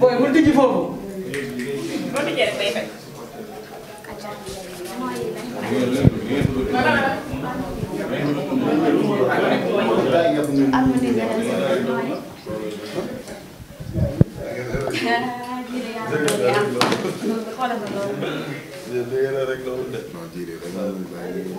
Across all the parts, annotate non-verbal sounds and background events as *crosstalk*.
booy bul tijji foofu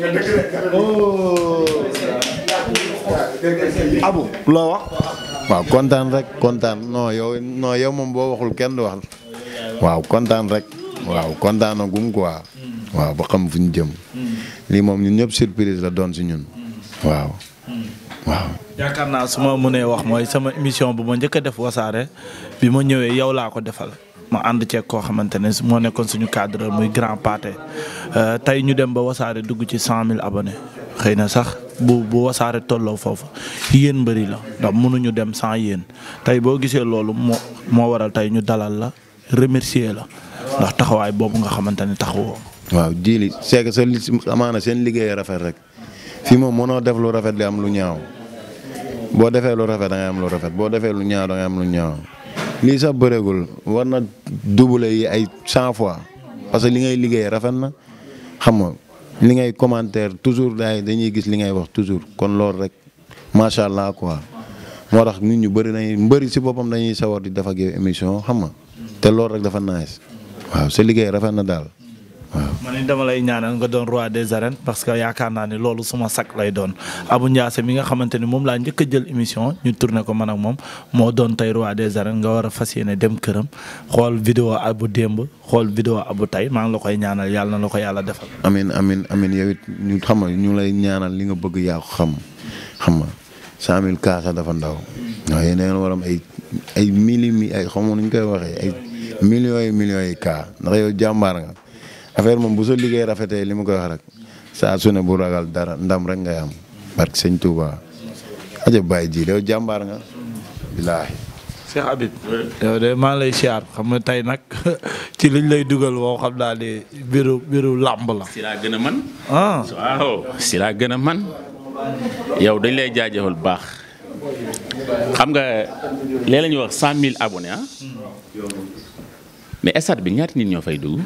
nga oh. dëgg abu loo wax. waaw kontaan rek kontaan non yow non yow moom boo waxul kenn du wax. waaw kontaan rek. waaw kontaan gum quoi. waaw ba xam fu ñu jëm. lii moom ñun ñëpp surprise la doon si ñun. waaw. waaw. yaakaar naa su ma mënee wax mooy sama émission bu ma njëkk a def wasaare bi ma ñëwee yow laa ko defal. mu ànd ceeg koo xamante ne moo nekkoon suñu cadre muy grand pâté euh, tey ñu dem ba wasaare dugg ci cent mille abonnés xëy na sax bu bu wasaare tolloo foofu yéen mbëri la ndax mënuñu dem sans yéen tey boo gisee loolu moo waral tey ñu dalal la remercier la ndax taxawaay boobu nga xamante ne taxawoo. waaw jiili c'est que sa amaana seen liggéey rafet rek fii moom mënoo def lu rafet li am lu ñaaw boo defee lu rafet da am lu rafet boo defee lu ñaaw am lu ñaaw. lii sax bëreegul war na double ay cent fois parce que li ngay liggéey rafet na xam nga li ngay commentaire toujours daay dañuy gis li ngay wax toujours kon loolu rek macha allah quoi moo tax nit ñu bëri nañu mbëri si boppam dañuy sawar di def ak yow émission xam nga te loolu rek dafa nice waaw sa liggéey rafet na daal. waaw man it dama lay ñaanal nga doon roi des arènes parce que yaakaar naa ne loolu suma sakk lay doon abu Ndiassé mi nga xamante ni moom laa njëkk jël émission ñu tourné ko man ak moom moo doon tey roi des arènes nga war a fas yéene dem këram xool vidéo abu démb xool vidéo abu tey maa ngi la koy ñaanal yàlla na la ko yàlla defal. amiin amiin amiin yow it ñu xam ñu lay ñaanal li nga bëgg yaa ko xam xam nga cent mille cas dafa ndaw waaw yéen da war am ay ay mili mi ay xaw ma ñu koy waxee ay millions yi millions yi cas ndax jàmbaar nga. affaire moom bu sa liggéey rafetee li ma koy wax rek saa su bu ragal dara ndam rek ngay am barke sëñ Touba aja bàyyi ji yow jàmbaar nga bilaahi yow de maa lay siyaar xam nga tey nag *laughs* ci liñ lay dugal woo xam naa ne biru biru gën man ah. laa gën a man yow dañ lay jaajëfal baax xam nga lee la ñuy wax cent mille abonnés ah. hmm. mais stade bi ñaata nit ñoo fay dugg.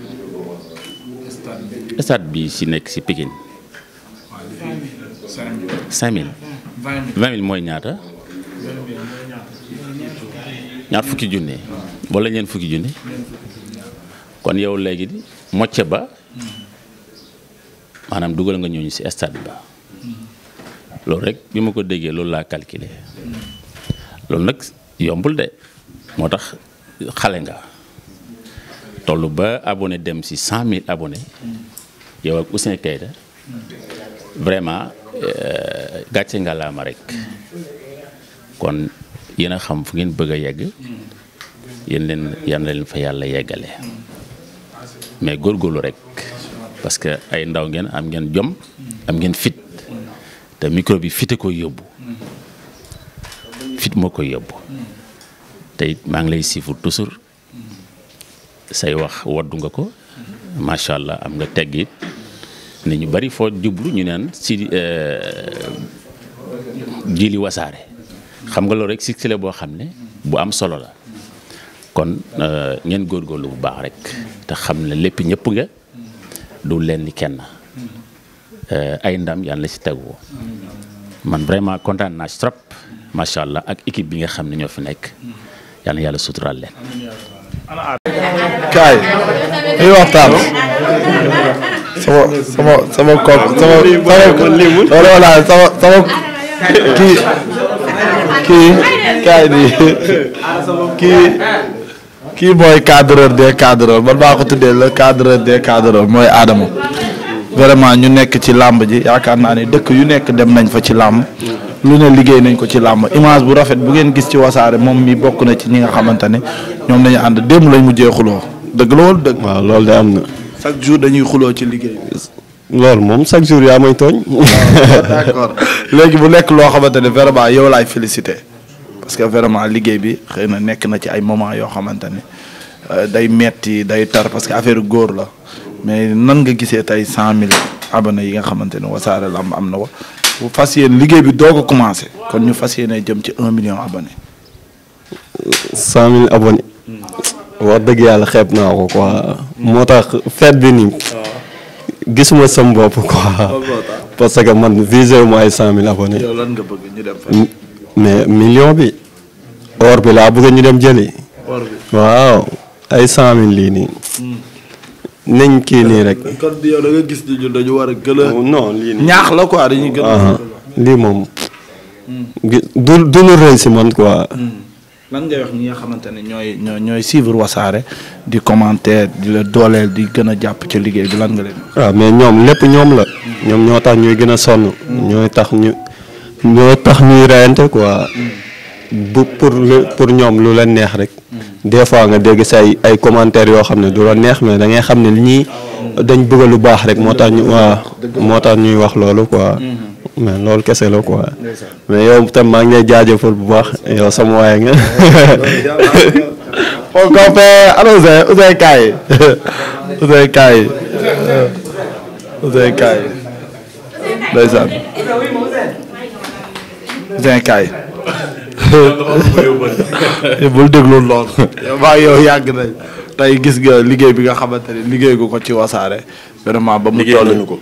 stade bi ci nekk ci pikin 5000 20000 mooy ñaata. ñaar fukki junne. walla ñeen fukki junne. kon yow léegi mocce ba. maanaam dugal nga ñooñu ci stade ba. loolu rek bi ma ko déggee loolu laa calculer loolu nag yombul de moo tax xale nga toll ba abone dem si 100000 abonné. yow ak Ouzin Keita vraiment euh, gàcce ngalaama rek kon yéen a xam fu ngeen bëgg a yegg yéen leen yan leen fa yàlla yeggale mais góorgóorlu rek parce que ay ndaw ngeen am ngeen jom am ngeen fit te micro bi fite koy yóbbu fit moo koy yóbbu te maa ngi lay siifur toujours say wax waddu nga ko macha allah am nga teggit ne ñu bari foo jublu ñu naan si euh, jili wasaare xam nga loolu rek si la boo xam ne bu am solo la kon euh, ngeen góor góorgóorlu bu baax rek te xam ne lépp ñëpp nga du leen ni kenn euh, ay ndam yàlla si tegu man vraiment kontaan naa si trop macha allah ak équipe bi nga xam ne ñoo fi nekk yàlla na yàlla suturaal leen. kaay ñuy waxtaan sama sama sama kook sama kii kii kaay nii kii kii mooy cadreur des cadreurs man maa ko tuddee la cadreur des cadreurs mooy Adama vraiment ñu nekk ci làmb ji yaakaar naa ne dëkk yu nekk dem nañ fa ci làmb lu ne liggéey nañ ko ci làmb image bu rafet bu ngeen gis ci wasaare moom mi bokk na ci ñi nga xamante ne ñoom dañu ànd démb lañ mujjee xuloo dëgg la wala dëgg. waaw loolu de am na. chaque jour dañuy xuloo ci liggéey bi. loolu moom chaque jour yaa may tooñ. *laughs* léegi bu nekk loo xamante ne vraiment yow laay félicité parce que vraiment liggéey bi xëy na nekk na ci ay moment yoo xamante ne euh, day metti day tar parce que affaire góor la mais nan nga gisee tey cent mille abonnés yi nga xamante ne lamb am na ko bu fas yéene liggéey bi doo ko commencé kon ñu fas ay jëm ci un million abonnés. cent mille abonnés. Hmm. wax dëgg yàlla xeeb naa ko quoi. moo tax fet bi nii. Hmm. gisuma sam bopp quoi. parce que man visé wu ma ay cent mille abonnés. nga bëgg ñu dem mais million bi. or bi laa bëgg ñu dem jëli. or waaw ay cent mille lii nii. Hmm. nañ kii nii rek. kon gis ni ñun dañu war a gën a. non ñaax la quoi dañuy gën a. lii moom. Hmm. du du lu rëy si man quoi. Hmm. lan ngay wax ñi nga xamante ne ñooy ñooy ñooy suivre wasaare di commenter di la dooleel di gën a jàpp ci liggéey bi lan nga leen. waaw ah, mais ñoom lépp ñoom la. Hmm. ñoom ñoo tax ñuy gën a sonn. ñooy tax ñu ñoo tax ñuy reyante quoi. bu pour pour ñoom lu leen neex rek des fois nga dégg say ay commentaires yoo xam ne du la neex mais da ngay xam ne ñii dañ bugga lu baax rek moo tax ñu moo tax ñuy wax loolu quoi mais loolu kese la ko mais yow tam maa ngi lay jaajëfal bu baax yow sama waaye nga on compère ana Ouzin Ouzin Kaay *laughs* Ouzin Kaay Ouzin Kaay bul déglu lool *laughs* waaw yow yàgg nañ tey gis nga liggéey bi nga xamante ne liggéey nga ko ci wasaare vraiment ba mu toll ko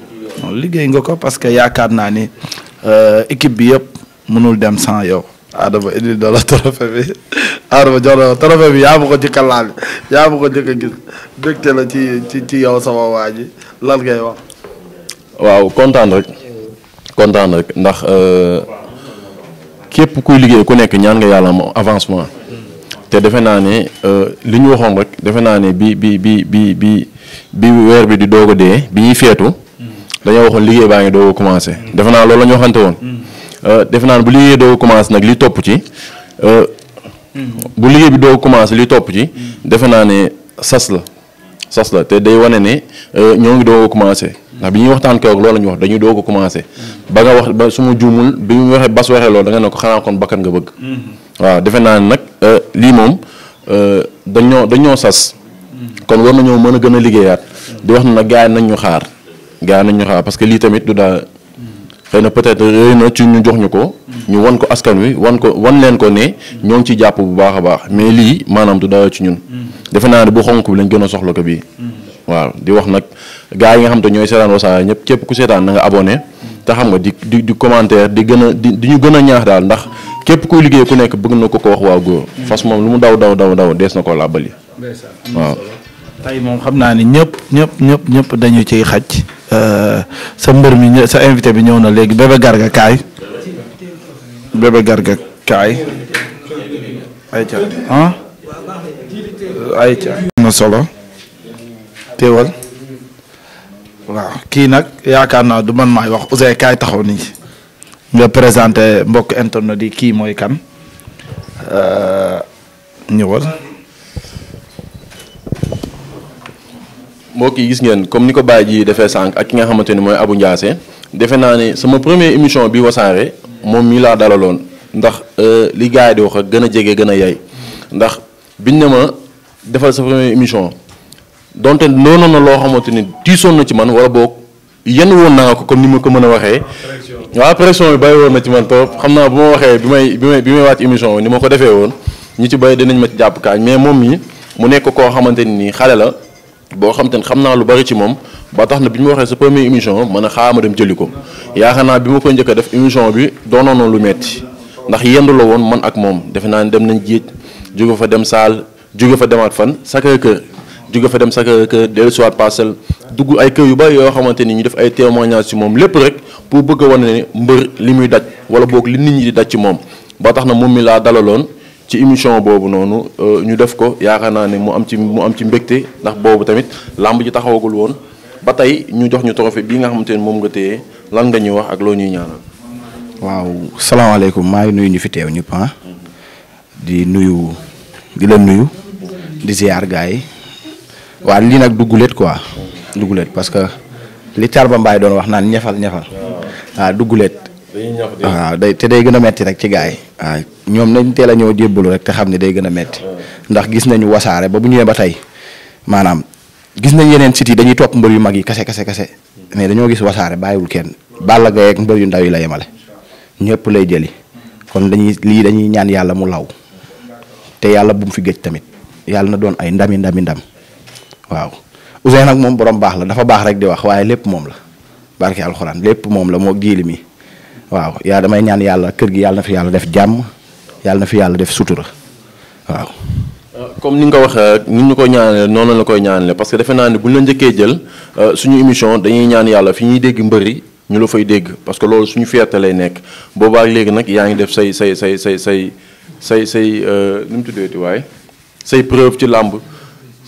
liggéey nga ko parce que yaakaar naa ni euh, équipe bi yëpp mënul dem sans yow Adama indi dala trophée bi Adama jox na trophée bi yaa ma ko njëkk laal yaa ma ko njëkk a gis dégte la ci ci ci yow sama waa ji lan ngay wax waaw kontaan rek kontaan rek ndax euh, képp kuy liggéey ku nekk ñaan nga yàlla mu avancement te defe naa ne euh, li ñu waxoon rek defe naa ne bi bi bi bi bi bi weer bi di doog dee bi ñuy feetu dañoo waxoon liggéey baa ngi doog a commencé defe naa loolu la ñu waxante woon euh, defe naa ne bu liggéey doog a commencé nag li topp ci euh, bu liggéey bi doog a commencé topp ci defe naa ne sas la sas la te day wane ne ñoo ngi doog a commencé ndax bi ñuy waxtaan keroog loolu la ñu wax dañuy doo ko commencé ba nga wax ba su ma juumul bi mu waxee bas waxee loolu da nga ne ko xanaa kon bakkan nga bëgg mm-hmm. waaw defe naa ne nag euh, lii moom euh, dañoo dañoo sas mm-hmm. kon war nañoo mën a gën a liggéeyaat di wax na nag gars yi nañ ñu xaar gars yi nañ ñu xaar parce que lii tamit du daa mm-hmm. xëy na peut-être réy na ci ñu jox ñu ko ñu wan ko askan wi wan ko wan leen ko ne ñoo ngi ciy jàpp bu baax a baax mais lii maanaam du daa ci ñun defe naa ne bu xonk lañ gën a soxla ko waaw di wax nag gars yi nga xam te ñooy seetaan Wassare ñëpp képp ku seetaan na nga te xam nga di di di commentaire di gën a di ñu gën ñaax daal ndax képp kuy liggéey ku nekk bëgg na ko ko wax waa góor mm. fas moom lu mu daw daw daw daw dees na ko làbbali waaw tey moom xam naa ni ñëpp ñëpp ñëpp ñëpp dañu ciy xaj euh, sa mbër mi sa invité bi ñëw na léegi bébé garga kaay bébé garga kaay ayca ah ayca na solo teewal waaw kii nag yaakaar naa du man maay wax Ouzin kaay taxaw nii nga présenté mbokk internet di kii mooy kan euh, ñëwal. mbokk yi gis ngeen comme ni ko Baye ji defee sànq ak ki nga xamante ni mooy abu Ndiassé defe naa ne sama première émission bi wasaare moom mii laa dalaloon ndax euh, li gars yi di wax ak gën a jege gën a yay ndax biñ ne ma defal sa première émission. donte noonu na loo xamante ni diisoon na ci man wala boog yenn woon naa ko comme ni ma ko mën a waxee. waaw pression bi bàyyi woon na ci man trop xam naa bu ma waxee bi may bi may bi may ni ma ko defee woon ñi ci bàyyi dinañ ma ci mais moom mi mu nekk koo xamante ni xale la boo xam te ne xam naa lu bari ci moom ba tax na bi ñu waxee sa première émission man a xaama dem jëli ko yaakaar naa bi ma koy njëkk a def émission bi doonoon na lu metti ndax yendu la woon man ak moom defe naa ne dem nañ géej jóge fa dem saal jóge fa demaat fan Sacré-Cœur jóge fa dem sa kër dellusiwaat parcelle dugg ay kër yu bari yoo xamante ni ñu def ay témoignages ci moom lépp rek pour bëgg a wane ne mbër li muy daj wala boog li nit ñi di daj ci moom ba tax na moom mi laa dalaloon ci émission boobu noonu euh, ñu def ko yaakaar naa ne mu am ci mu am ci mbégte ndax boobu tamit làmb ji taxawagul woon ba tey ñu jox ñu trophée bii nga xamante ne moom nga téye lan nga ñuy wax ak loo ñuy ñaanal. waaw salaamaaleykum maa ngi nuyu ñu fi teew ñëpp ah di nuyu di la nuyu di ziar yi waa lii nag du gulet quoi du gulet parce que li Tarba Mbaye doon wax naan ñefal ñefal waaw ah. ah, du gulet ah, day te day gën a metti rek ci gars yi waaw ñoom nañ teel a ñëw jébbalu rek te xam ne day gën a metti ndax gis nañu wasaare ba bu ñëwee ba tey maanaam gis nañ yeneen sites dañuy topp mbër yu mag yi kase kase kase mais dañoo gis wasaare bàyyiwul kenn Balla Gaye ak mbër yu ndaw yi la yemale ñëpp lay jëli kon dañuy lii dañuy ñaan yàlla mu law te yàlla bu mu fi gëj tamit yàlla na doon ay ndami waaw Ouzin nag moom borom baax la dafa baax rek di wax waaye lépp moom la barke alxuraan lépp moom la moo jiili mi waaw yaa damay ñaan yàlla kër gi yàlla na fi yàlla def jàmm yàlla na fi yàlla def sutura waaw. Euh, comme ni nga ko waxee ni ñu ko ñaanalee noonu la koy ñaanalee parce que defe naa ni bu ñu la njëkkee jël euh, suñu émission dañuy ñaan yàlla fi ñuy dégg mbëri ñu la fay dégg parce que loolu suñu fierté lay nekk boobaak léegi nag yaa ngi def say say say say say say say euh, nu mu tuddee waaye say preuve ci làmb.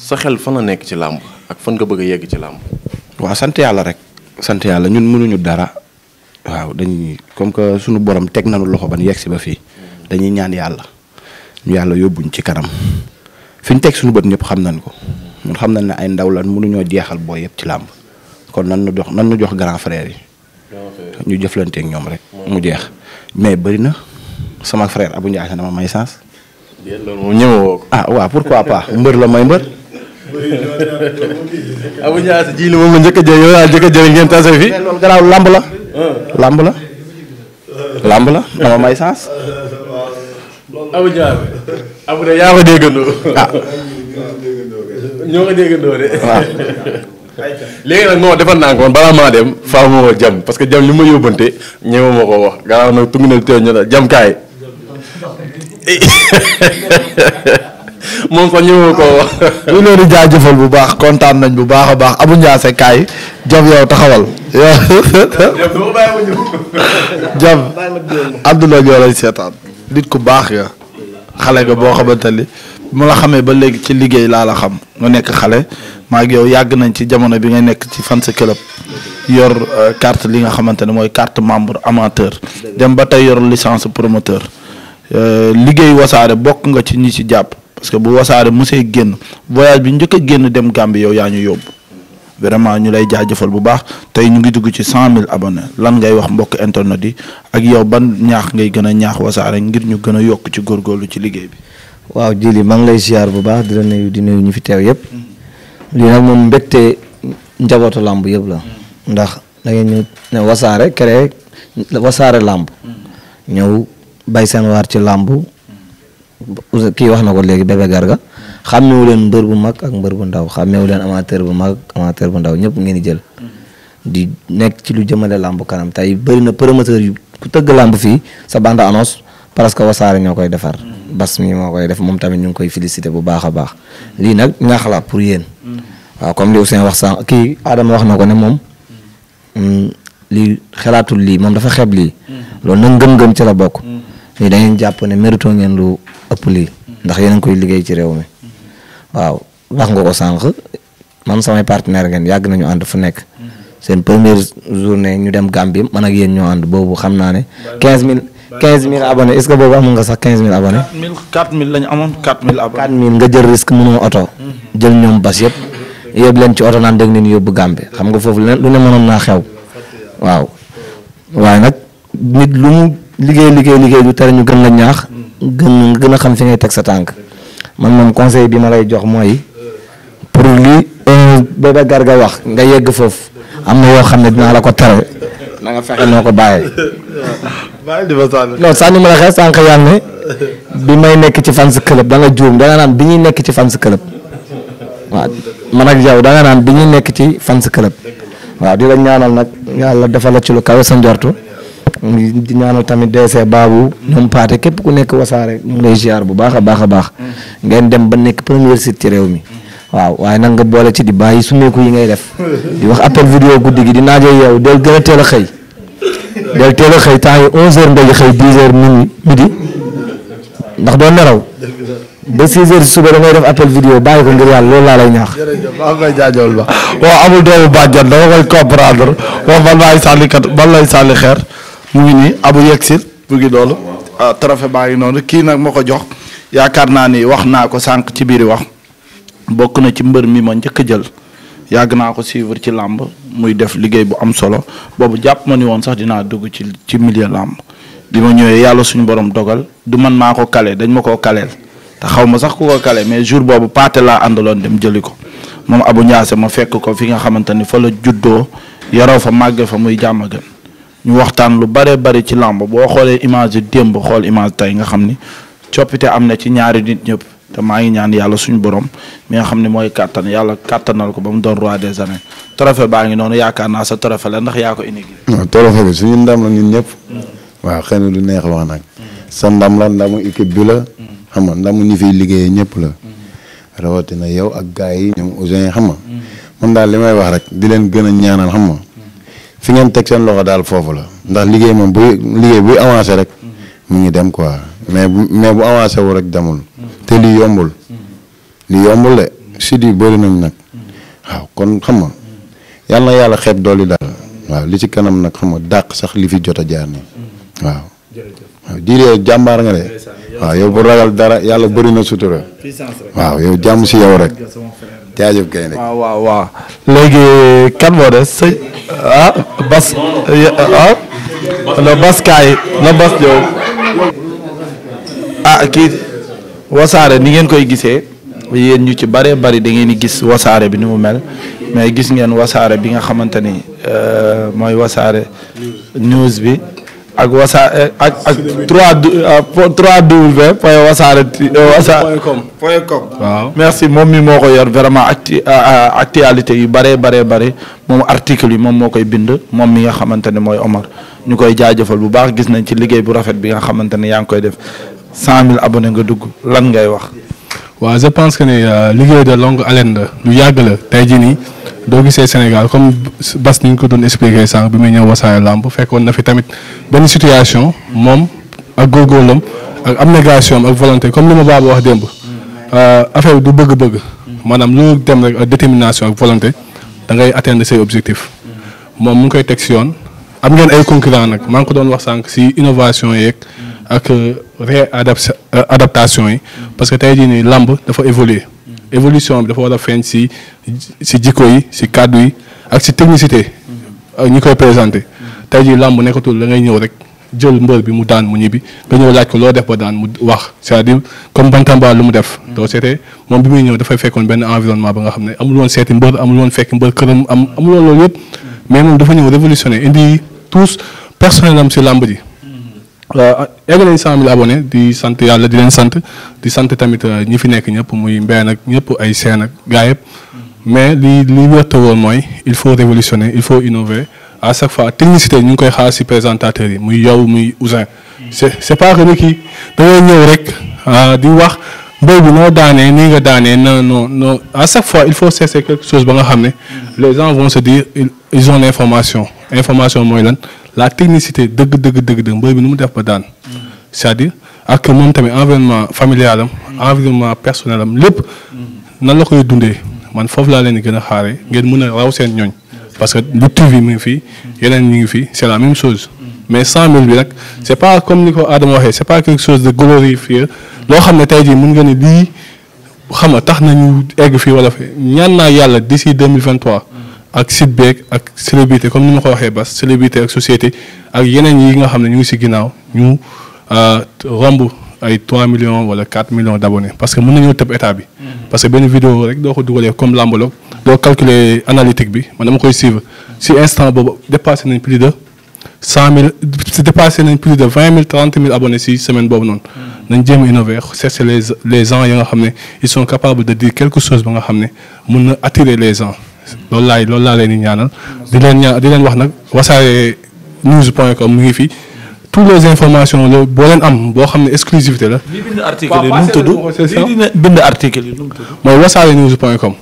sa xel fan la nekk ci làmb ak fan nga bëgg a yegg ci làmb. waaw sant yàlla rek. sant yàlla ñun mënuñu dara. waaw dañuy comme que suñu borom teg nañu loxo ba ñu yegg si ba fii. dañuy ñaan yàlla. ñu yàlla yóbbuñ ci kanam. fi ñu teg suñu bët ñëpp xam nañ ko. ñun xam nañ ne ay ndaw lan mënuñoo jeexal booy yëpp ci làmb. kon nan nu jox nan nu jox grand frère yi. ñu jëflante ak ñoom rek. mu jeex mais bëri na. sama frère Abou Ndiaye dama may sens. ah waaw pourquoi pas mbër la may Abou Dia ji li moom la njëkk a jël yow yaa a ngeen tase fi. loolu garaaw la. lamb la. lamb la dama may sens. Abou Dia Abou de yaa ko déggandoo. ah. ñoo ko déggandoo de. waaw. *laughs* léegi nag non defal naa ko balaa maa dem faaw ma jam parce que jam li ma yóbbante ñëw ma ko wax garaaw nag tungu na teew ñu *laughs* moom sax ñëwoo koo wax. ñu leen di jaajëfal bu baax kontaan nañ bu baax a baax Abou Ndiassé kaay Jam yow taxawal. Jam àdduna ñoo lay seetaan. nit ku baax nga. xale nga boo xamante ni mu la xamee ba léegi ci liggéey laa la xam nga nekk xale maa yow yàgg nañ ci jamono bi nga nekk ci fan sa club yor euh, carte li nga xamante ne mooy carte membre amateur dem ba tey yor licence promoteur euh, liggéey wasaare bokk nga ci ñi ci jàpp. parce que bu wasaare mosee génn voyage bi njëkk génn dem Gambie yow yaa ñu yóbbu vraiment ñu lay jaajëfal bu baax tey ñu ngi dugg ci cent mille abonnés lan ngay wax mbokk internet yi ak yow ban ñaax ngay gën a ñaax wasaare ngir ñu gën a yokk ci góorgóorlu ci liggéey bi. waaw Djily maa ngi lay ziar bu baax di la nuyu di nuyu ñu fi teew yëpp lii nag moom mbégte njabootu làmb yëpp la ndax da ngeen ne wasaare créé wasaare làmb mm. ñëw bay seen waar ci làmb kii wax na ko léegi bébé garga xàmmewu leen mbër bu mag ak mbër bu ndaw xàmmewu leen amateur bu mag amateur bu ndaw ñëpp ngeen di jël. di nekk ci lu jëmale làmb kanam tey bëri na promoteur yu ku tëgg làmb fii sa bande annonce parce que wasaare ñoo koy defar. bas mi moo koy def moom tamit ñu ngi koy félicité bu baax a baax. lii nag ñaax la pour yéen. waaw kom li Ousseyn wax saa kii Adama wax na ko ne moom. Mm, lii xalaatul lii moom dafa xeb lii. Mm. loolu nag ngëm-ngëm ci la bokk. Mm. da ngeen jàpp ëpp lii ndax yéen a ngi koy liggéey ci réew mi waaw wax nga ko sànq man samay partenaire ngeen yàgg nañu ànd fu nekk seen première journée ñu dem Gambie man ak yéen ñoo ànd boobu xam naa ne 15000 15000 abonnés est-ce que boobu amoon nga sax 15000 abonnés. 4000 lañu amoon 4000 abonnés. 4000 nga jël risque mënoo oto. jël ñoom bas yëpp yóbbu leen ci oto naan dégg nañu yóbbu Gambie xam nga foofu lu ne mënoon naa xew waaw waaye gën nga gën a xam fi ngay teg sa tànk man moom conseil bi ma lay jox mooy pour li bébé ga wax nga yegg foofu am na yoo xam ne dinaa la ko tere na nga fexe noo ko bàyyee. *laughs* non sànni ma la xee sànq yaa ne bi may nekk ci fans club da nga juum da naan bi ñuy nekk ci fans club waaw man ak naan bi nekk ci fans club waaw di la ñaanal nag yàlla defal la ci lu kawe sa njortu. di ñaanal tamit DC Babou ñoom paate képp ku nekk wasaare ñu lay ziar bu baax a baax a baax ngeen dem ba nekk premier site ci réew mi waaw waaye nag nga boole ci di bàyyi sumeeku yi ngay def di wax appel vidéo guddi gi di naajo yow del gën a a xëy del teel a xëy temps yi onze heures ngay xëy dix heures minuit midi ndax doo neraw ba 6 heures suba da ngay def appel vidéo bàyyi ko ngir yàlla loolu laa lay ñaax. jërëjëf ba waaw amul doomu bàjjan dama koy comprendre moom man maay sànni kat man lay sànni xeer. mu ngi nii abu yegsil mu ngi loolu ah, trophée baa noonu kii nag ma ko jox yaakaar naa ni wax naa ko sànq ci biir wax bokk na ci mbër mi ma njëkk a jël yàgg naa ko suivre ci làmb muy def liggéey bu am solo boobu jàpp ma ni woon sax dinaa dugg ci ci milieu làmb bi ma ñëwee yàlla suñu borom dogal du man maa ko kale dañ ma ko kaleel te xaw ma sax ku ko kale mais jour boobu paate laa àndaloon dem jëli ko moom Abu Ndiasse ma fekk ko fi nga xamante ni fa la juddoo yaroo fa màgge fa muy jàmm ñu waxtaan lu bare bari ci làmb boo xoolee image yi démb xool image tey nga xam ni coppite am na ci ñaari nit ñëpp te maa ngi ñaan yàlla suñu borom mi nga xam ne mooy kàttan yàlla kàttanal ko ba mu doon roi des arènes trophée baa ngi noonu yaakaar naa sa trophée la ndax yaa ko indi. waaw trophée bi suñu ndam la ñun ñëpp. Mm. waaw xëy na du neex wax nag. sa ndam la ndamu équipe bi la. Mm. xam nga ndamu ñi fi liggéeyee ñëpp la. Mm. rawatina yow ak gars yi. ñoom Ousin xam nga. man daal li may wax rek di leen gën a ñaanal xam nga fi ngeen teg seen loxo daal foofu la ndax liggéey moom buy liggéey buy avancé rek mu ngi dem quoi mais mais bu avancé wu rek demul te li yombul li yombul de sud yi bëri nañ nag waaw kon xam nga yàlla na yàlla xet dooli daal waaw li si kanam nag xam nga dàq sax li fi jot a jaar nii waaw waaw diiree jàmbaar nga de waaw yow bu ragal dara yàlla bëri na sutura waaw yow jàmm si yow rek jaajëf gaynde waaw waaw waaw léegi kan moo des sëñ ah bas ah bas kaay na bas ñëw ah kii wasaare ni ngeen koy gisee yéen ñu ci bare bari da ngeen di gis wasaare bi ni mu mel mais gis ngeen wasaare bi nga xamante ni euh, mooy wasaare news bi ak wasa ak ak 3W euh, point wasaare. wasaare point euh, merci moom mi moo ko yor vraiment acti euh, actualité yu bare bare bare moom article yi moom moo koy bind moom mi nga xamante ne mooy Omar ñu koy jaajëfal bu baax gis nañ ci liggéey bu rafet bi nga xamante ne yaa ngi koy def 100000 abonnés nga dugg lan ngay wax. waa je pense que ne liggéey de longue haleine la lu yàgg la tey jii nii. doo gisee Sénégal comme bas ni ñu ko doon expliqué sànq bi may ñëw Wassare Lamb fekkoon na fi tamit benn situation moom ak góorgóorlam ak abnégation am ak volonté comme li ma baaba wax démb euh, affaire du bëgg-bëgg maanaam lu dem rek euh, détermination ak volonté da ngay atteindre say objectifs moom mu ngi koy teg si yoon am ngeen ay concurrent nag maa ngi ko doon wax sànq si innovation yeeg ak euh, réadaptation yi parce que tey jii làmb dafa évoluer évolution bi dafa war a feeñ si jikko yi si kàddu yi ak si technicité ñi koy présenté tey jii làmb nekkatul la ngay ñëw rek jël mbër bi mu daan mu ñibbi nga ñëw laaj ko loo def ba daan mu wax c'est-à-dire comme Bantamba lu mu def. doo seetee moom bi muy ñëw dafay fekkoon benn environnement ba nga xam ne amuloon woon seeti mbër amul woon fekk mbër këram am amul woon loolu yëpp mais moom dafa ñëw révolutionné indi tous personnel am si làmb ji. egg euh, nañ cent abone di sant yàlla di leen sant di sant tamit euh, ñi fi nekk ñëpp muy mbeen ak ñëpp ay seen ak gaa yëpp mais li li wérte woon mooy il faut révolutionner il faut innover à chaque fois technicité ñu ngi koy xaar si présentateurs yi muy yow muy Ouzin c'est c'est pas que ni kii da ngay ñëw rek ah, di wax mbéy bi noo daanee nii nga daanee na non non à chaque fois il faut cesser quelque chose ba nga xam ne les gens vont se dire ils ont information mooy lan la technicité dëgg dëgg dëgg dëgg mbër bi nu mu def ba daan cest à ak moom tamit environnement familial am environnement personnel am lépp na la koy dundee man foofu laa leen gën a xaare ngeen mën a raw seen ñooñ parce que lu tuvi mu ngi fii yeneen ñi ngi fii c'est la même chose mais cent mille bi nag c'est pas comme ni ko Adama waxee c'est pas quelque chose de glorifié loo xam ne tey jii mën nga ne lii xam nga tax nañu egg fii wala fi ñaan naa yàlla d'ici deux mille vingt ak site beeg ak célébrité comme ni ma ko waxee bas célébrité ak société ak yeneen yi nga xam ne ñu ngi si ginnaaw ñu euh, romb ay 3 millions wala 4 millions d' parce que mën nañoo tëb état bi. Mm-hmm. parce que benn vidéo rek doo ko dugalee comme làmbaloog doo calculer analytique bi man dama koy suivre si instant boobu dépassé nañ plus de 100000 dépassé nañ plus de 20000 30000 abonnés si semaine boobu noonu. Mm-hmm. nañ jéem a innover chercher les xam ne ils les gens. loolu laay loolu laa leen di ñaanal di leen ñaan di leen wax nag wasaare news point com mu ngi fi toutes les informations la boo leen am boo xam ne exclusivité la. lii bind article yi nu mu tudd lii bind article yi nu mu tudd. mooy wasaare news point com.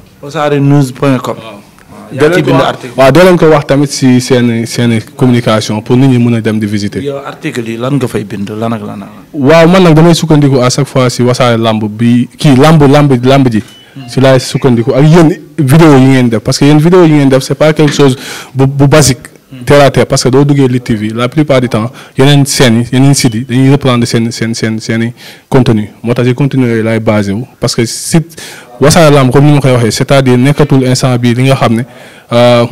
waaw doo leen ko wax tamit si seen seen communication pour nit ñi mun a dem di visiter. yow article yi lan nga fay bind lan ak lan waaw man nag damay sukkandiku à chaque fois si wasaare lamb bi kii lamb lamb lamb ji. si laay sukkandiku ak yéen vidéo yi ngeen def parce que yéen vidéo yi ngeen def c'est pas quelque chose bu bu basique. à terre parce que doo duggee Lutte TV la plupart du temps yeneen scènes yi yeneen sites yi dañuy reprendre seen seen seen seen i contenu moo tax si contenu yooyu laay basé wu parce que site Wassare comme ni ma koy waxee c'est-à-dire nekkatul instant bii li nga xam ne euh,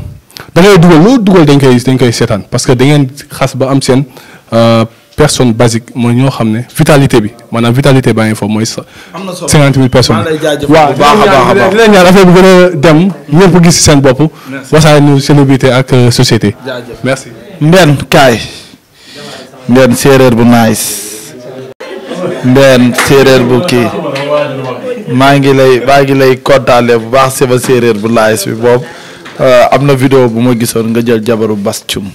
da ngay dugal loolu dugal dañ koy dañ koy seetaan parce que da ngeen xas ba am seen. Euh, personnes basiques mooy ñoo xam ne vitalité bi maanaam vitalité baa ngi foofu mooy. am na solo cinquante mille a waaw di leen a affaire bi gën a dem. ñëpp gis seen bopp. wasaare ñu célébrité ak euh, société. merci. Ndeen Kaay. Ndeen séeréer bu nice. Ndeen séeréer bu kii. maa ngi lay maa ngi lay kontaanee bu baax sama séeréer bu nice bi boobu euh, am na vidéo bu ma gisoon nga jël jabaru Bass Thioung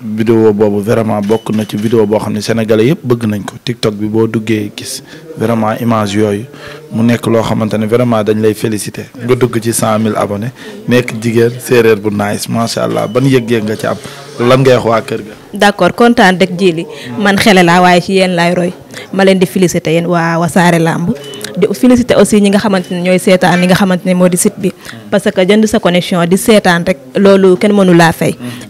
vidéo boobu vraiment bokk na ci vidéo boo xam ne sénégalais yëpp bëgg nañ ko TikTok bi boo duggee gis vraiment image yooyu mu nekk loo xamante ne vraiment dañ lay féliciter nga dugg ci cent mille abonnés nekk jigéen séeréer bu nice macha allah ban yëg-yëg nga ci am lan ngay wax waa kër ga. d'accord kontaan dëgg jii li man xele laa waaye ci yéen laay roy ma leen di féliciter yéen waa Wassare Lamb di félicité aussi ñi nga xamante ne ñooy seetaan li nga xamante moo di site bi parce que jënd sa connexion di seetaan rek loolu kenn mënu laa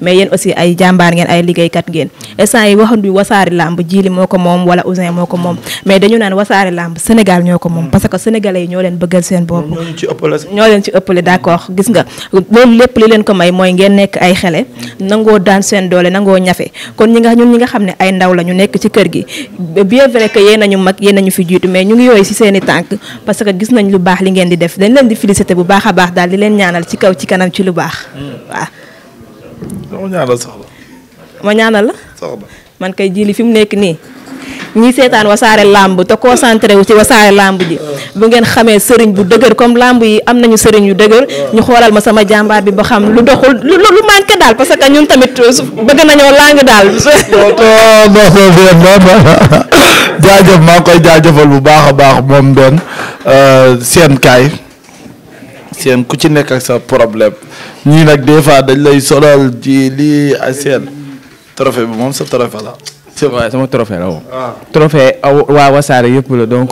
mais yéen aussi ay jàmbaar ngeen ay liggéeykat ngeen instant yi waxandu wasaari làmb jiili moo ko moom wala Ousin moo ko moom mais dañu naan wasaari làmb Sénégal ñoo ko moom parce que sénégalais yi ñoo leen bëggal seen bopp ñoo leen ci ëppale d'accord gis nga loolu lépp li leen ko may mooy ngeen nekk ay xele nangoo tànk parce que gis nañ lu baax li ngeen di def dañ leen di félicité bu baax a baax daal di leen ñaanal ci kaw ci kanam ci lu baax. waaw. ma ñaanal la. soxla man kay jili fi mu nekk nii. ñi seetaan wasaare làmb te concentré wu ci wasaare làmb ji bu ngeen xamee sëriñ bu dëgër comme làmb yi am nañu sëriñ yu dëgër ñu xoolal ma sama jàmbaar bi ba xam lu doxul lu lu manqué daal parce que ñun tamit bëgg nañoo làng daal. *laughs* jaajëf maa koy jaajëfal bu baax a baax moom benn euh, seen kaay seen ku ci nekk ak sa problème ñii nag des fois dañ lay solal ji lii ak seen trophée bi moom sa trophée la. sama sama trophée la woon. Ah. trophée ah, waa wasaare yëpp la donc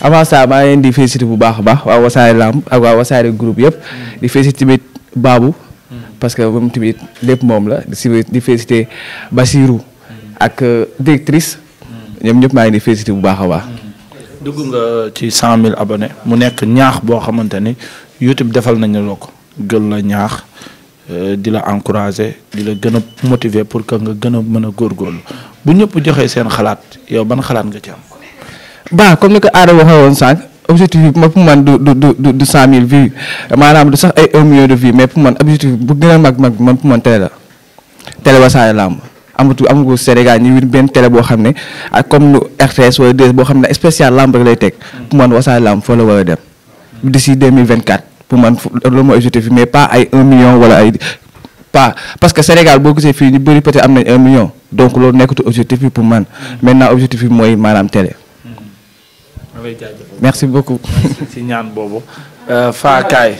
avant ça maa leen di félicité bu baax a baax waa wasaare lamb ak waa wasaare groupe yëpp. di félicité tamit baabu parce que moom tamit lépp moom la di félicité Basirou. ak euh, directrice. ñoom ñëpp maa ngi di félicité bu baax a baax. dugg nga ci cent mille abonnés mu nekk ñaax boo xamante ni YouTube defal nañu la ko gël la ñaax. Euh, di la encourager di la gën a motiver pour que nga gën a mën a góor góorgóorlu bu ñëpp joxee seen xalaat yow ban xalaat nga ci am. ba comme ni ko Aada waxee woon sànq objectif bi pour man du du du du cent mille vues maanaam du sax ay un million mais pour man objectif bu gën a mag mag man pour man télé la télé Wassare Lamb amatu amagu Sénégal ñu wut benn télé boo xam ne ak comme nu RTS wala DS boo xam ne spécial lamb lay teg pour man Wassare Lamb foo la war a dem d'ici deux pour man loolu mooy objectif bi mais pas ay 1 million wala ay pas parce que Sénégal boo gisee fii ñu bëri peut-être am nañ 1 million donc loolu nekkatu objectif bi pour man mm-hmm. maintenant objectif bi mooy maanaam télé. Mm-hmm. merci beaucoup. ci ñaan boobu. Euh, Faa Kaay.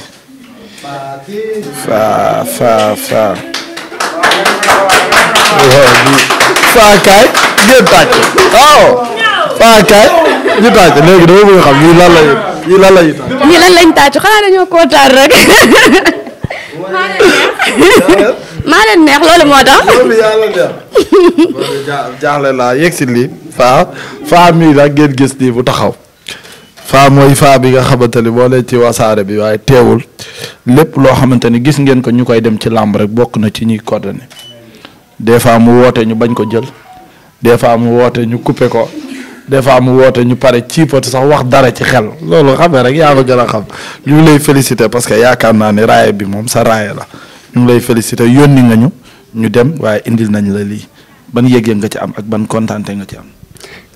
ñii lan la ñuy tàcc. ñii lan lañ tàcc rek. *laughs* maa leen neex loolu moo tax. faa faa mii la ngeen bu taxaw. faa mooy bi nga xamante ni moo leen ci wasaare bi waaye teewul lépp loo xamante ni gis ngeen ko ñu koy dem ci làmb rek bokk na ci ñuy coordonné. des mu woote ñu bañ ko jël. des fois mu woote ñu coupé ko. des fois mu woote ñu pare ciipatu sax wax dara ci xel loolu xam ne rek yaa ma gën a xam ñu ngi lay féliciter parce que yaakaar naa ne raaya bi moom sa raaya la ñu lay féliciter yónni nga ñu ñu dem waaye indil nañ la lii ban yëg nga ci am ak ban kontaante nga ci am.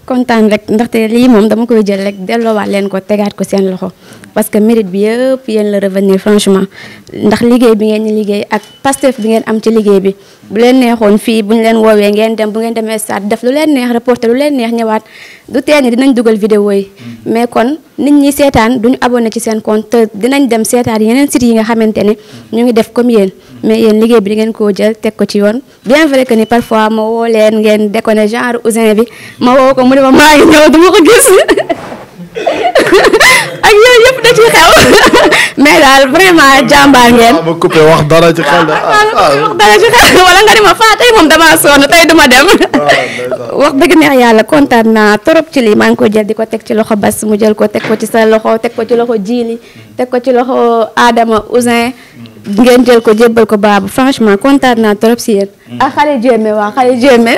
kontaan rek ndaxte lii moom dama koy jël rek delloowaat leen ko tegaat ko seen loxo parce que mérite bi yëpp yéen la revenir franchement ndax liggéey bi ngeen liggéey ak pastef bi ngeen am ci liggéey bi bu leen neexoon fii bu ñu leen woowee ngeen dem bu ngeen demee stade def lu leen neex reporter lu leen neex ñëwaat du tee ne dinañ dugal vidéo yi mm. mais kon nit ñi seetaan duñu abonné ci seen compte te dinañ dem seetaan yeneen sit yi nga xamante ne ñu ngi def comme yéen mais yéen liggéey bi di ngeen koo jël teg ko ci yoon bien vrai que ni parfois ma woo leen ngeen déconné genre Ouzin bi ma woo ko mu ne ma maa ngi ñëw duma ko gis *laughs* ak yooyu yëpp da ciy xew *laughs* mais daal vraiment jàmbaar ngeen. ma coupé wax dara ci xel de. Ah, ah, ah. wax dara ci xel *laughs* wala nga ni ma faa tey moom damaa sonn tey duma dem. *laughs* wax dëgg neex yàlla kontaan naa trop ci lii maa ngi ko jël di ko teg ci loxo Bas mu jël ko teg ko ci sa loxo teg ko ci loxo Jili teg ko ci loxo Adama Ousin. Mm. ngeen jël ko jébbal ko baabu franchement kontaan naa trop si yéen. Mm. ah xale jéeme waa xale jéeme.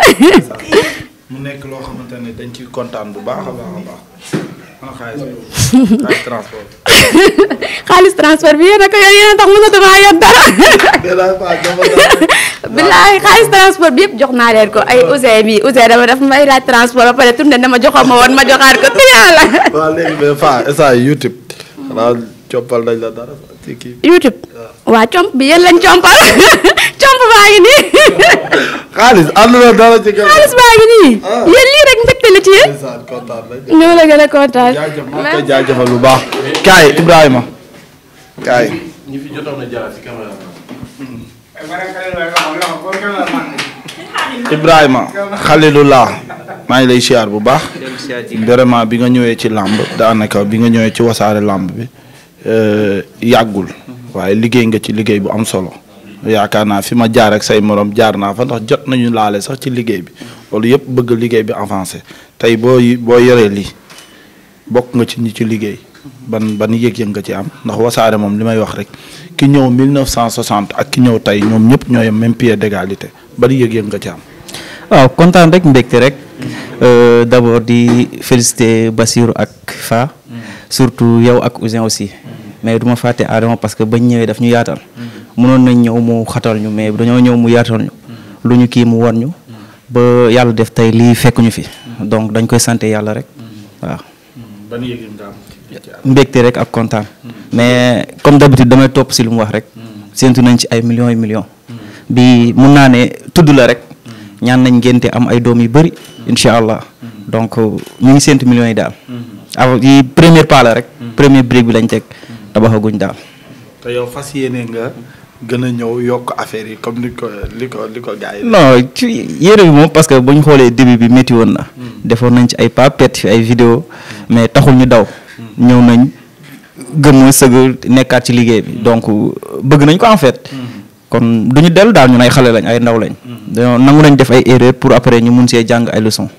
bu baax a baax *laughs* xaalis transport bi yéen a ko yor yéen a tax mënatu a yor dara. *laughs* bilaay xaalis transport bi yëpp jox naa leen ko ay Ousseyn bi Ousseyn dama def may laaj transport ba pare tourné dama joxoon ma woon ma joxaat ko te yàlla. waaw léegi mais Faa instant YouTube. Hmm. xanaa coppal nañ la dara. YouTube ah. waaw comp bi yéen lañ *laughs* baa ngi nii. *laughs* xaalis ànd na dara ci baa ngi nii. Ah. yéen lii rek mbégte la ci la gën a kontaan. jaajëfal bu baax. Kaay Ibrahima Kaay. ñi fi jotoon a ngi lay siyaar bu baax. vraiment bi nga ñëwee ci làmb daanaka bi nga ñëwee ci wasaare làmb bi. Euh, yàggul waaye liggéey nga ci liggéey bu am solo yaakaar naa fi ma jaar ak say moroom jaar naa fa ndax jot nañu laale sax ci liggéey bi loolu yëpp bëgg liggéey bi avancé tey boo boo yoree lii bokk nga ci ñi ci liggéey ban ban yëg-yëg nga ci am ndax wasaare moom li may wax rek ki ñëw 1960 ak ki ñëw tey ñoom ñëpp ñooy même pied d'égalité ban yëg-yëg nga ci am. waaw kontaan rek mbégte rek euh, d'abord di féliciter Basirou ak Fa mm. surtout yow ak Ousin aussi. mais du ma fàtte Adama parce que bañ ñëwee daf ñu yaatal mënoon nañ ñëw mu xatal ñu mais dañoo ñëw mu yaatal ñu lu ñu kii mu war ñu ba yàlla def tey lii fekk ñu fi donc dañ koy sant yàlla rek waaw mbégte rek ak kontaan mais comme d'habitude damay topp si lu mu wax rek séentu nañ ci ay millions yu millions bi mun naa ne tudd la rek ñaan nañ ngénte am ay doom yu bëri incha allah donc ñu ngi séentu yi daal mm-hmm. aw yi premier pas rek mm-hmm. premier brique bi lañ tabaxaguñ daal. te yow fas yéene nga gën a ñëw yokk affaire yi comme ni ko li ko li ko gars yi. non ci yére bi moom parce que bu ñu xoolee début bi métti woon na. Hmm. defoon nañ ci ay papet fi ay vidéo mais taxul ñu daw. Hmm. ñëw nañ gën a sëgg nekkaat ci liggéey bi hmm. donc bëgg nañ ko en fait. kon du ñu dellu daal ñun ay xale lañ ay ndaw lañ. dañoo nangu nañ def ay erreur pour après ñu mun see jàng ay leçons.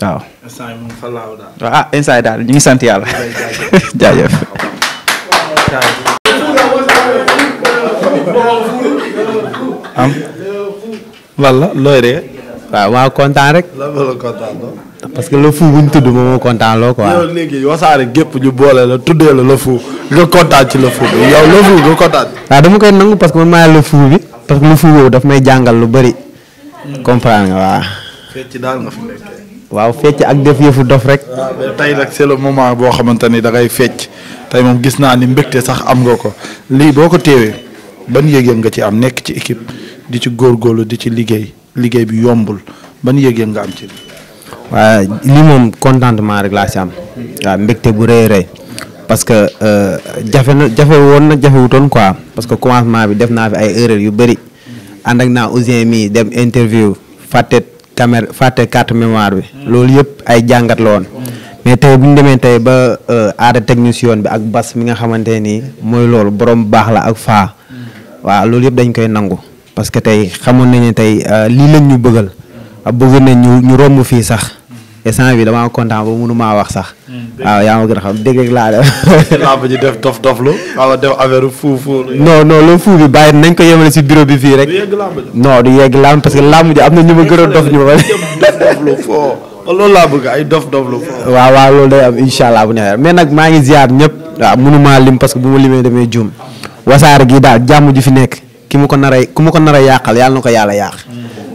waaw ah instant yi daal ñu sant yàlla. jaajëf. *laughs* am walla looy de waaw maa kontaan rek. lan la kontaan loo. parce que le fou ñu tudd moom moo kontaan loo quoi. yow wasaare gépp ñu boole la tuddee la le fou nga kontaan ci le fou bi yow le fou nga kontaan. waaw dama koy nangu parce que man maa le fou bi parce que le fou daf may jàngal lu bari comprendre nga waaw. fecc waaw fecc ak def yëfu dof rek. Ah, tey nag c'est moment boo xamante ni da ngay fecc tey moom gis naa ni mbégte sax am nga ko lii boo ko téewee. ban yëg-yëg nga ci am nekk ci équipe di ci góor góorgóorlu di ci liggéey liggéey bi yombul ban yëg nga am ci. waaw lii moom contentement rek laa si am. waaw mbégte bu rëy rëy. parce que euh, jafe na jafe woon na jafewutoon quoi parce que commencement bi def naa fi ay erreur yu bëri ànd ak naa Ouzin mi dem interview fàtte caméra fàtte carte mémoire bi loolu yëpp ay jàngat la woon mais tey bu ñu demee tey ba euh, aada yoon bi ak bas mi nga xamante nii mooy loolu borom baax la ak faa waaw loolu yëpp dañ koy nangu parce que tey xamoon nañu ne tey euh, lii lañ ñu bëggal ah, bëgg nañ ñu ñu romb fii sax instant bi damaa kontaan ba mënu maa wax sax. Hmm, waaw yaa ma gën a xam dégg ak laa def. laa *laughs* dof dof lu. wala def affaire fuu fuu. non non loolu fuu bi bàyyi nañ ko yemale si bureau bi fii rek. du du yegg làmb parce que làmb ji am na ñu ma gën a dof ñu ma. dof dof *laughs* laa bëgg ay dof dof lu foo. waaw waaw loolu day am incha allah bu neexee mais nag maa ngi ziar ñëpp. waaw mënu maa lim parce que bu ma limee demee juum. wasaare gi daal jàmm ju fi nekk ki mu ko nar a ku mu ko nar a yàqal yàlla na ko yàlla yàq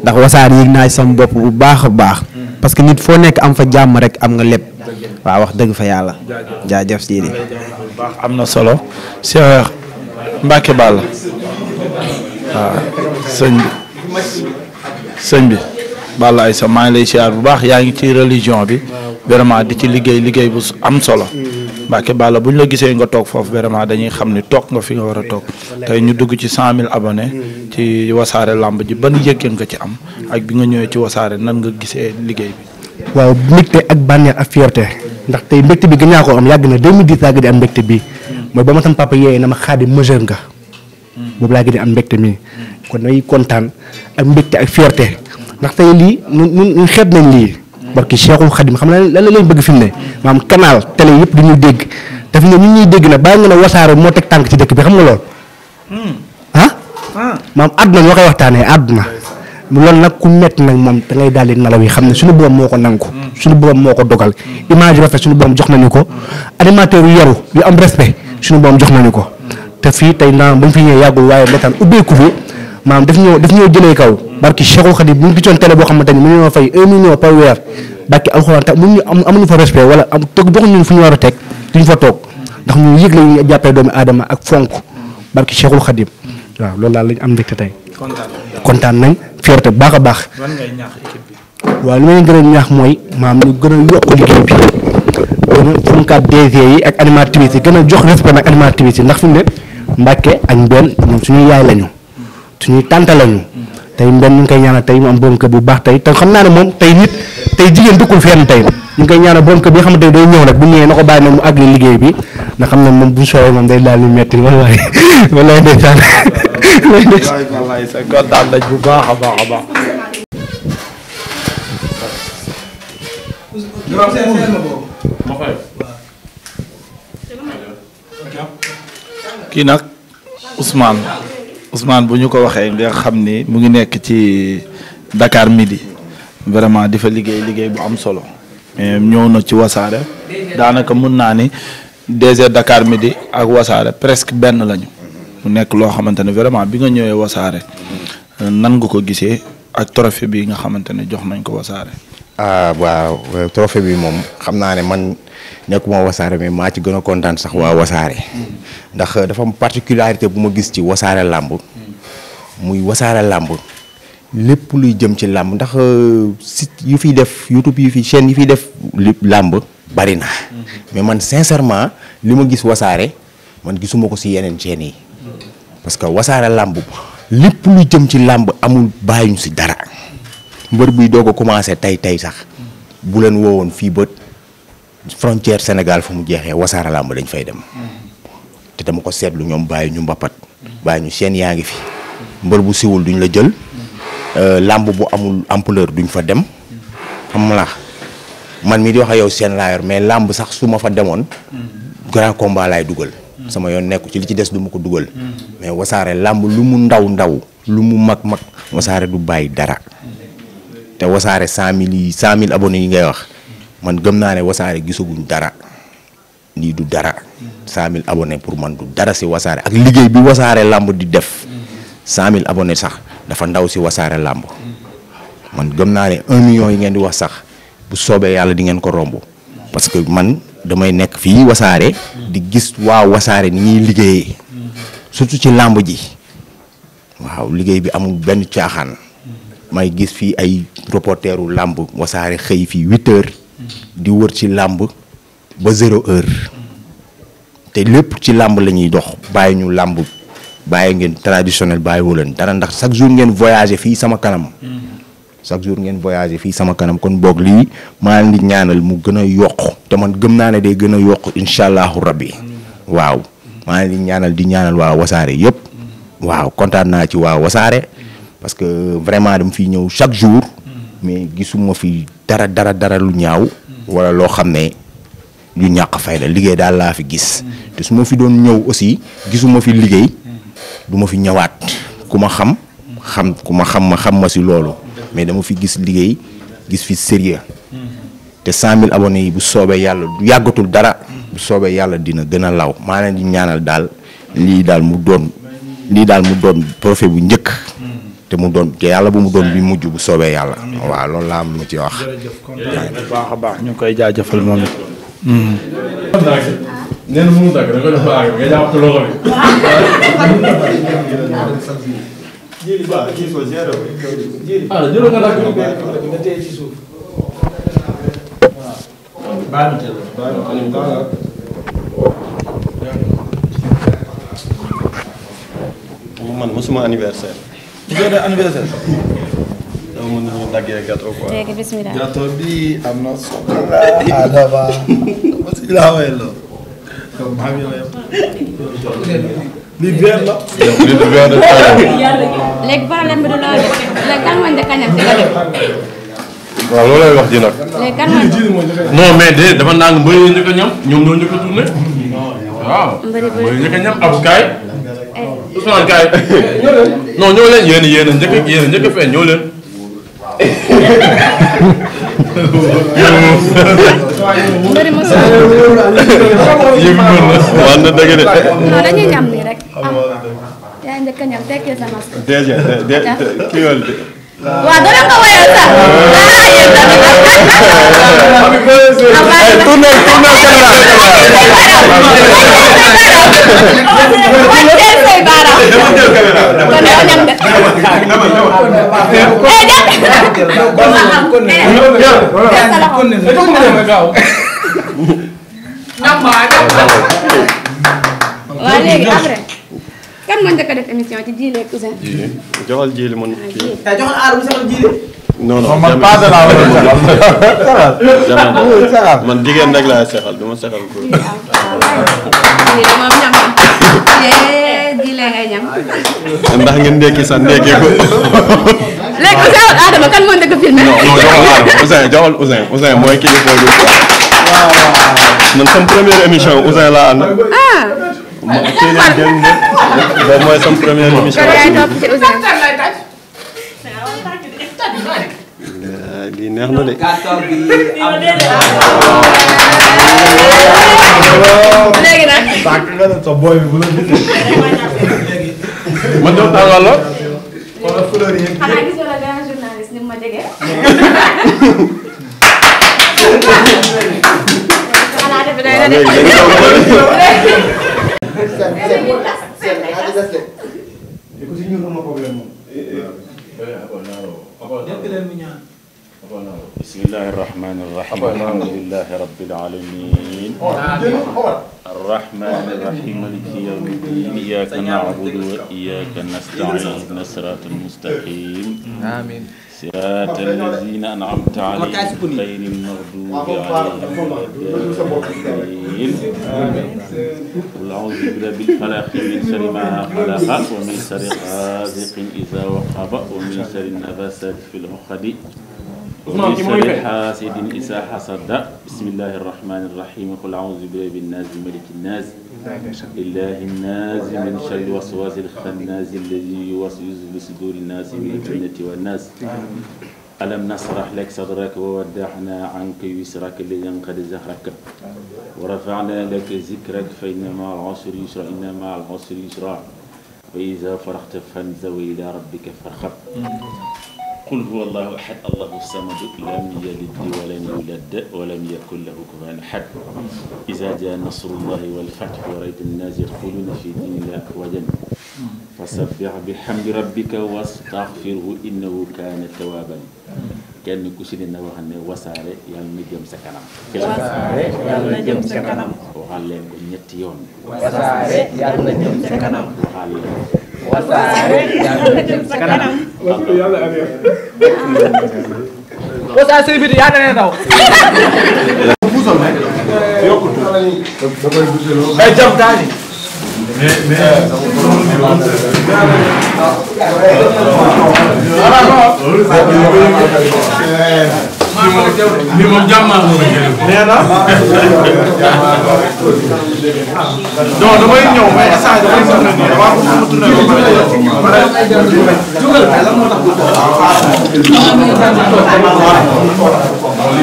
ndax wasaare yëg naa sama bopp bu baax a baax parce que nit foo nekk am fa jàmm rek am nga lépp waaw wax dëgg fa yàlla jaajëf sii di am na solo Cheikh Mbacke Balla waaw sëñ bi sëñ bi Balla Aïssa maa bu baax yaa ngi ci religion bi vraiment di ci liggéey liggéey bu am solo mm-hmm. Mbacke Balla bu ñu la gisee nga toog foofu vraiment dañuy xam ni toog nga fi nga war a toog tey ñu dugg ci cent mille abonnés mm-hmm. ci wasaare làmb ji ban yëg nga ci am ak bi nga ñëwee ci wasaare nan nga gisee liggéey bi. waaw mbégte ak bànneex ak fierté ndax tey mbégte bi gën naa ko am yàgg na 2010 laa gën di am mbégte bi mm-hmm. mooy ba ma sama papa yeeyee na ma xaadi majeur nga. boobu laa gën mi kon nay kontaan ndax tey lii ñun ñun xeet nañ lii barki Cheikhul Khadim xam naa lan la leen bëgg fi mu ne maam canal télé yëpp dañuy dégg daf ne ñun ñuy dégg na bàyyi nga ne wasaare moo teg tànk ci dëkk bi xam nga lool hmm. ah? ah maam àdduna ñoo koy waxtaanee àdduna mu loolu nag ku metti nag moom da ngay daal di nalaw yi xam ne suñu borom moo ko nangu suñu borom moo ko dogal image rafet suñu borom jox nañu ko animateur yu yaru yu am respect suñu borom jox nañu ko te fii tey naa ba mu fi ñëwee yàggul waaye maam daf ñoo daf ñoo jëlee kaw barki Cheikhul Khadim bu ñu gisoon télé boo xamante ne mu ñoo fay un million am amuñu fa respect wala am toog fu ñu war a teg duñu fa toog ndax ñu yëg la ñu jàppee aadama ak fonk barki Cheikhul Khadim waaw loolu daal lañ am mbégte tey kontaan nañ fierté bu baax a baax ma leen gën a ñaax mooy maam ñu gën a yokk liggéey bi ak animatrices yi gën a jox respect nag animatrices yi ndax fi mu ak benn ñoom suñuy yaay lañu suñuy tànta lañu tey moom ñu ngi koy ñaanal tey mu am borom kër bu baax tey te xam naa ne moom tey nit tey jigéen dëkkul fenn tey ñu ngi koy ñaanal borom kër bi nga xamante ne day bu ñëwee ko bàyyi moom mu àgg bi nga xam ne moom bu soobee moom day daal di metti wallaay wallaay ndeysaan wallaay sa kontaan bu baax a baax a baax kii nag Ousmane Ousmane bu ñu ko waxee nga xam ni mu ngi nekk ci Dakar Midi vraiment di fa liggéey liggéey bu am solo ñëw na ci wasaare daanaka mun naa ni DG Dakar Midi ak wasaare presque benn lañu mu nekk loo xamante ne vraiment bi nga ñëwee wasaare nan nga ko gisee ak trophée bi nga xamante ne jox nañ ko wasaare. ah waaw trophée bi moom xam naa ne man. nekkuma wasaare mais maa ci gën a kontaan sax waa wasaare. ndax euh, dafa am particularité bu ma gis ci wasaare làmb. muy wasaare làmb. lépp luy jëm ci làmb ndax euh, site yu fiy def YouTube yu fi chaîne yu fiy def li làmb bari na. mais man sincèrement li ma gis wasaare man gisuma ko si yeneen chaîne yi. que wasaare làmb lépp luy jëm ci làmb amul bàyyiñu si dara. mbër buy doog a commencé tey tey sax bu leen woowoon fii bët frontière senegal fu mu jeexee wasaara làmb dañ fay dem mm-hmm. te dama ko seetlu ñoom bàyyi ñu mbappat bàyyi ñu seen yaa ngi fi mbër bu siwul duñ la jël mm-hmm. euh, làmb bu amul ampleur duñ fa dem mm-hmm. xam la man mi di wax ak yow seen laayor mais làmb sax su ma fa demoon grand combat laay dugal sama yoon nekku ci li ci des du ma ko dugal mais wasaare làmb lu mu ndaw ndaw lu mu mag mag wasaare du bàyyi dara te wasaare cent mille yi cent mille abonnés yi ngay wax man gëm naa ne wasaare gisaguñ dara lii du dara cent mille abonnés pour man du dara si wasaare ak liggéey bi wasaare làmb di def cent mille abonnés sax dafa ndaw si wasaare làmb man gëm naa ne un million yi ngeen di wax sax bu soobee yàlla di ngeen ko romb parce que man damay nekk fii wasaare di gis waaw wasaare ni ñuy liggéeyee surtout ci làmb ji waaw liggéey bi amul benn caaxaan may gis fii ay reporteru làmb wasaare xëy fii huit heures di wër ci làmb ba zéro heure te lépp ci làmb la ñuy dox bàyyi ñu làmb bàyyi ngeen traditionnel bàyyi wu leen dara ndax chaque jour ngeen voyager fii sama kanam chaque jour ngeen voyager fii sama kanam kon boog lii maa ngi ñaanal mu gën a yokk te man gëm naa ne day gën a yokk incha allahu rabbi waaw maa ngi ñaanal di ñaanal waa wasaare yëpp waaw kontaan naa ci waa wasaare parce que vraiment mu fi ñëw chaque jour. mais gisuma fi dara dara dara lu ñaaw. wala loo xam ne ñu ñàkk fayda liggéey daal laa fi gis. te su ma fi doon ñëw aussi gisuma fi liggéey. du ma fi ñëwaat ku ma xam. xam ku ma xam ma xam ma si loolu. mais dama fi gis liggéey gis fi sérieux te 100000 abonnés yi bu soobee yàlla du yàggatul dara. bu soobee yàlla dina gën a law maa leen di ñaanal daal lii daal mu doon lii daal mu doon profet bu njëkk. te mu doon te yàlla bu mu doon bi mujj bu soobee yàlla. waaw loolu laa am lu ci wax. jërëjëf baax a baax ñu ngi koy jaajëfal moom it. Hmm. nee *laughs* jour anniversaire. dama mën nañu daggee gâteau quoi. léegi bismillah. gâteau bi am na soxla. adama. bismillah waay loo. donc maa ngi lii verre la. lii du verre la. léegi problème bi du loolu léegi kan wante kañam si nga def. waaw loolu lay wax ji nag. léegi kan wante. non mais de dafa naan mbëri njëkk a ñam ñoom ñoo njëkk a tourné. waaw mbëri njëkk a ñam avocat yi Ousmane Kaay. ñoo leen non ñoo leen yéen yéen a njëkk yéen a njëkk a feeñ ñoo leen. waaw na dëgg de. non dañuy ñam nii rek. yaa njëkk a ñam tekkee sa masque. déjà de kii wàllu de. waaw dana ko wéyal sax. ah yéen tamit ah. tournel tournel caméra. dama jël caméra dama jël dama waaw léegi après kan moo njëkk a def émission ci Djily ak Ouzin. Djily joxal Djily man. ah joxal aar bu soxla Djily. non non man paase laa war man jigéen rek laay seexal du ma seexal góor. Ah, *laughs* ndax ngeen ndekki sax ndekkee ko. léegi Ousseynou Adama kan moo ndekk filmé. non non joxal Ousseynou Ousseynou mooy kilifa bi man sama première émission Ousseynou laa ànd. ah. mooy sama première émission. lii neex na de. léegi nag. sànq nga ne sa booy bi bu la bindee. man de taal wàll. wala fleur yi. xanaa gisoo la benn journaliste ni ma jege. xanaa def day na de. bismillahi irrahmani irrahim alhamdulilahi rabbil alamin oh, arrahmani irrahim maliki yawmi din iyaka na'budu wa iyaka nasta'in ihdina siratal mustaqim amin siratal lazina an'amta alayhim ghayril maghdubi alayhim waladdallin qul a'udhu bi rabbil falaq min sharri ma khalaq wa min sharri ghasiqin idha waqab wa min sharri nafasati fil 'uqad Ousmane ci mooy fay xaasidin isa xasada bismillahi arrahmani irrahim qul audu birabi nnaasi maliki nnaasi illahi nnaasi min sharri waswaasi alxannaasi alladi yuwaswisu li suduri nnaasi min aljinnati wannaas alam nasrah lak sadrak wa waddaxna anka wisrak alladi anqad zahrak wa rafana laka zikrak fa inna maa al-usri yusra inna maa al-usri yusra fa iza faraxta fanzab wa ila rabbika farxab qul huwa allahu ahad allahu samadu lam yalid walam yulad walam yakun lahu kufuwan ahad iza jaa nasrullahi wal fath wa rayta an-naasi yadkhuluuna fi diinillah afwaajan fasabbih bihamdi rabbika wastaghfirhu innahu kaana tawaaban kenn ku si ne na wax ne wasaare yàlla na jëm sa kanam. wasaare yàlla na jëm sa kanam. waxal leen ko ñetti yoon. wasaare yàlla na jëm sa kanam. waxal leen ko. Oustaz Seye Biti yaa danee daw. ay jam daani. mais mais. ah. li moom jàmmaar moom nee na non damay ñëw mais instant yii damay soxla nii waaw pour mu tourné ba pare jógal lan moo tax man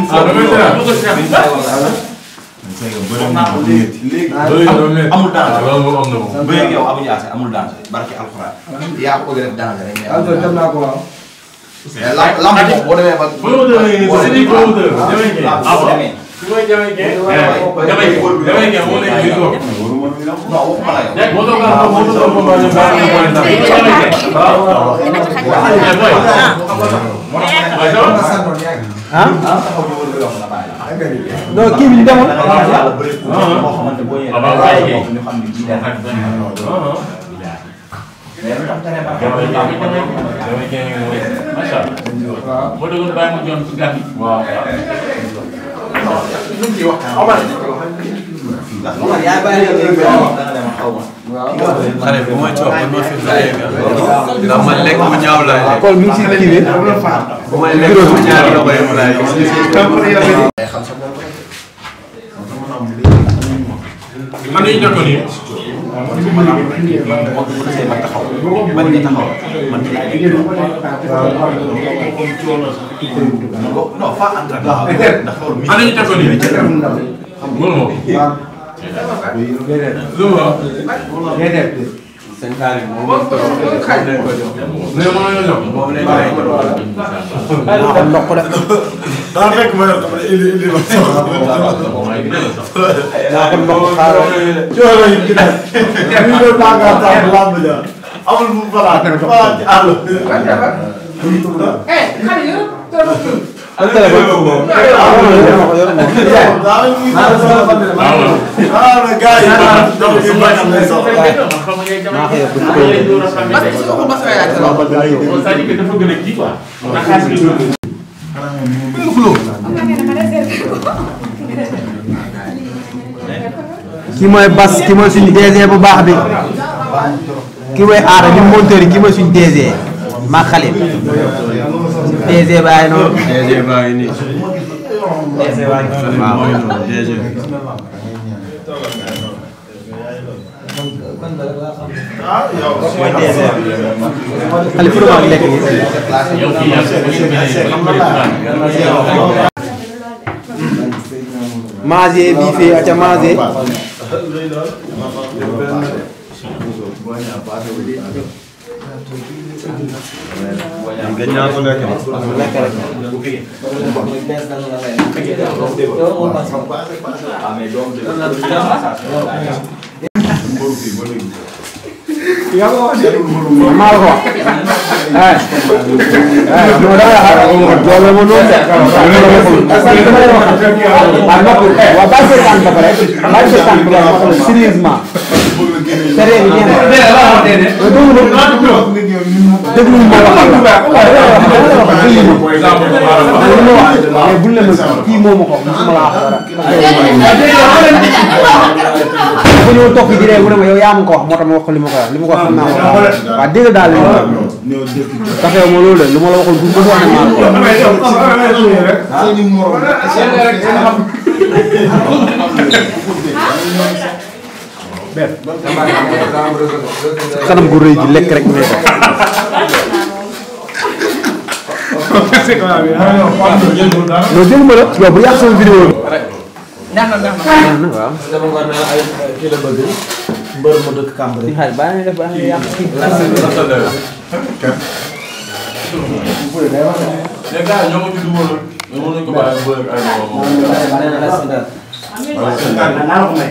na koy bëri na ko léegi amul danger bëri ak yow Abou Diassé amul danger barki alxuraan yaa ko bëgg def danger rek. alxuraan dem naa ko waaw. lamb moom boo demee ba. boo demee boo demee boo demee boo demee. su ma demee kee. demee kee demee kee moo nekk lii toog. non waxuma la yow. dégg nga moo tax moo tax maa ngi leen di mën a demee. waaw waaw waaw. waaw waaw waaw. ah. non kii bi ñu demoon. waaw boo xamante boo ñëwee ñu xam ne kii day xam. macha allah. boo déggoon bàyyi ma joon ci gàtt yi. waaw. non. xaw ma. waaw xale bu ma coow ma fi bëree ndax man lekk bu ñaaw laay lekk. kon mi ngi ciy liggéey. bu may lekk bu ñaari loxo yi mu laay lekk. xam sa bopp rek. man li ñu nekkoon nii. man ma taxaw. man nga taxaw man nga taxaw. non faa am ndax loolu. man la ñu nekkoon nii. Buyurun verelim. Ne derdi? Sen talim moom lañ ko jox. léegi moom lañ ko jox. moom lañ ko jox. maa ko ndox de. daa fekk ma yor indi indi ma. maa ko ndox xaaral. coono yi gis nañ. ñu ngi doon tàngaat tàngaat làmb ja. amul mu balaa. balaa ci àll. am téléphone ki mooy bas ki mooy suñu DG bu baax bi ki mooy aada bi monteur yi ki mooy suñu DG ma xale DG bàyyi noonu. DG bàyyi nii. gëj naa ko lekk maa ko wax. saree bi ñeent ma yow yaa ma ko wax moo tax ma wax ko li ma ko wax li ma ko wax xam naa ko wax waaw dégg daal li ma ko wax café ma loolu lu ma la waxoon bu ko wax na maa ko benn. xanam gu rëy gi lekk rek ngay def. non jël ma la yow bu yàq sama vidéo bi. neex na neex na. waaw. dama ko ne ay kii la bëgg mbër mu dëkk Kamb rek. xaalis baax na def baax na yàq kii. les gars ñoo ma tudd woon. ñu mënuñ ko bàyyi ak ay